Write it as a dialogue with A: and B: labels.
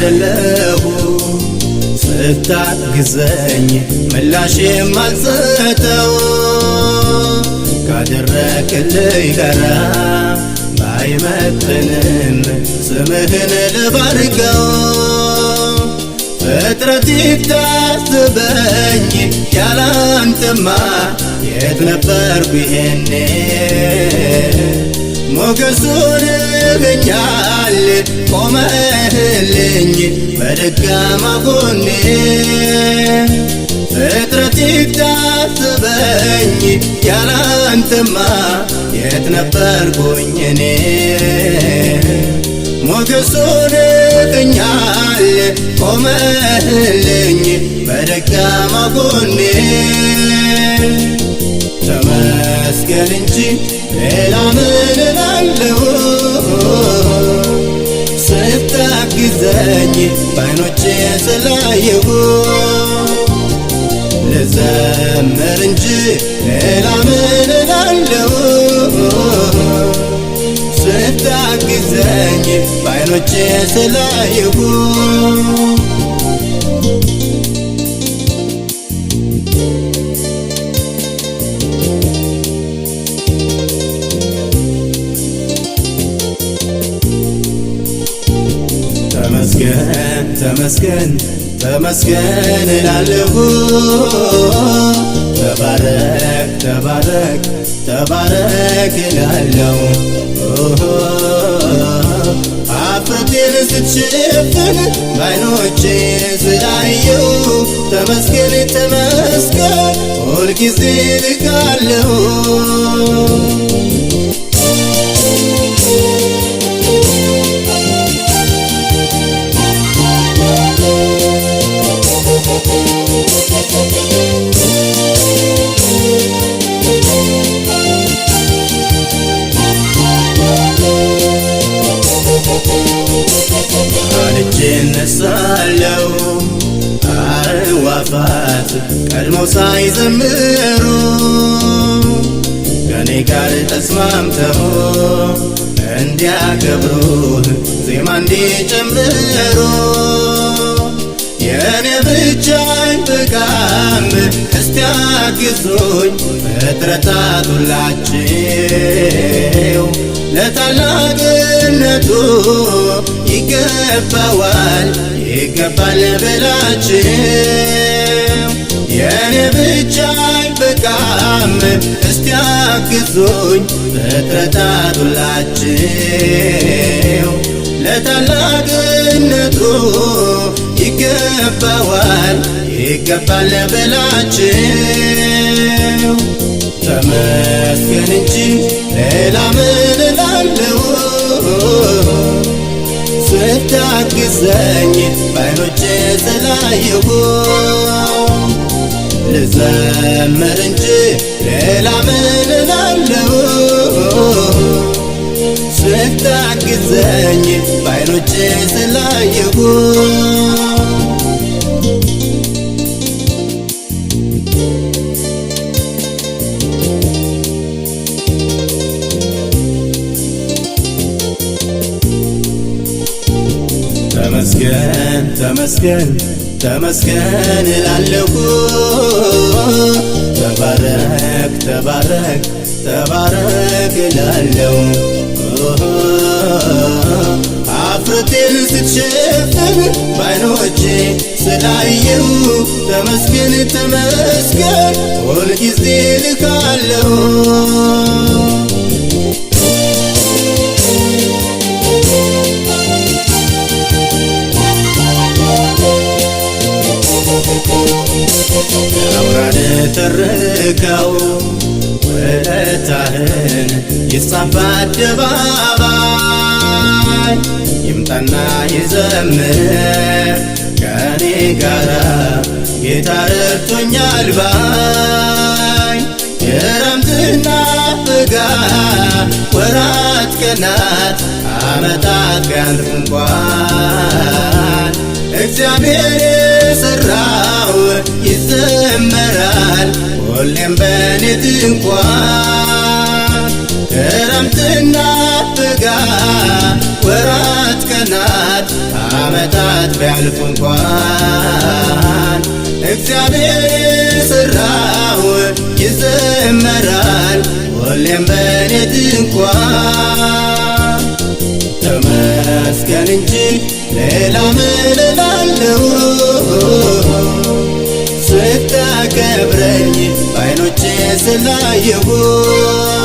A: አሸለሁ ስታግዘኝ ምላሽ የማልሰጠው ካደረክልኝ ጋራ ባይመጥንም ስምህን ልባርከው ፍጥረት ይታስበኝ ያላንተማ የት ነበርኩ ይሄኔ ሞገሱን ብኛል ቆመህልኝ በደካማ ጎኔ ፍጥረት ይታዘበኝ ያላንተማ የት ነበርኩኝ እኔ ሞገሱን ብኛል ቆመህልኝ በደካማ ጎኔ ተመስገን እንጂ ሌላ ምን አለው ስታግዘኝ ባይኖቼ ስላየሁ ልዘምር እንጂ ሌላ ምን እላለሁ ስታግዘኝ ባይኖቼ ስላየሁ ተመስገን ተመስገን እላለሁ። ተባረክ ተባረክ ተባረክ እላለሁ። አፈቴን ስትሸፍን ባይኖቼ ስላየው ተመስገን ተመስገን ሁልጊዜ ልካለሁ አባት ቀድሞ ሳይዘምሩ ከኔ ጋር ተስማምተው እንዲያከብሩህ ዜማ እንዲጨምሩ የእኔ ብቻዬን ብጋምት እስቲ አግዙኝ ፍጥረታት ሁላችሁ ለታላቅነቱ ይገባዋል ይገባል ብላችሁ የኔ ብቻ አይበቃም፣ እስቲ አግዙኝ በተረታቱላችሁ ለታላቅነቱ ይገባዋል ይገባል ብላችሁ ተመስገን እንጂ ሌላ ምን ብታግዘኝ ባይኖቼ ዘላይሁ ልዘምር እንጂ ሌላ ምን እላለሁ? ስታግዘኝ ባይኖቼ ዘላይሁ ተመስገን ተመስገን እላለሁ። ተባረክ ተባረክ ተባረክ እላለሁ። አፍረቴን ስትሸፍን ባይኖቼ ስላየሁ ተመስገን ተመስገን ሁልጊዜ ልካለሁ ያምራል ትርካው ውለታህን ይጻፍ አደባባይ ይምጣና ይዘምር ከኔ ጋራ ጌታ ረድቶኛል ባይ የረምትና ፍጋ ወራት ቀናት አመታት ቢያልፍ እንኳን እግዚአብሔር የሠራ ይዘመራል ሁሌም በኔ ድንኳን ክረምትና በጋ ወራት ቀናት አመታት ቢያልፉ እንኳን እግዚአብሔር ስራው ይዘመራል ሁሌም በኔ ድንኳን ተመስገን እንጂ ሌላ ምን ሲሰብረኝ በዓይኖቼ ስላየሁት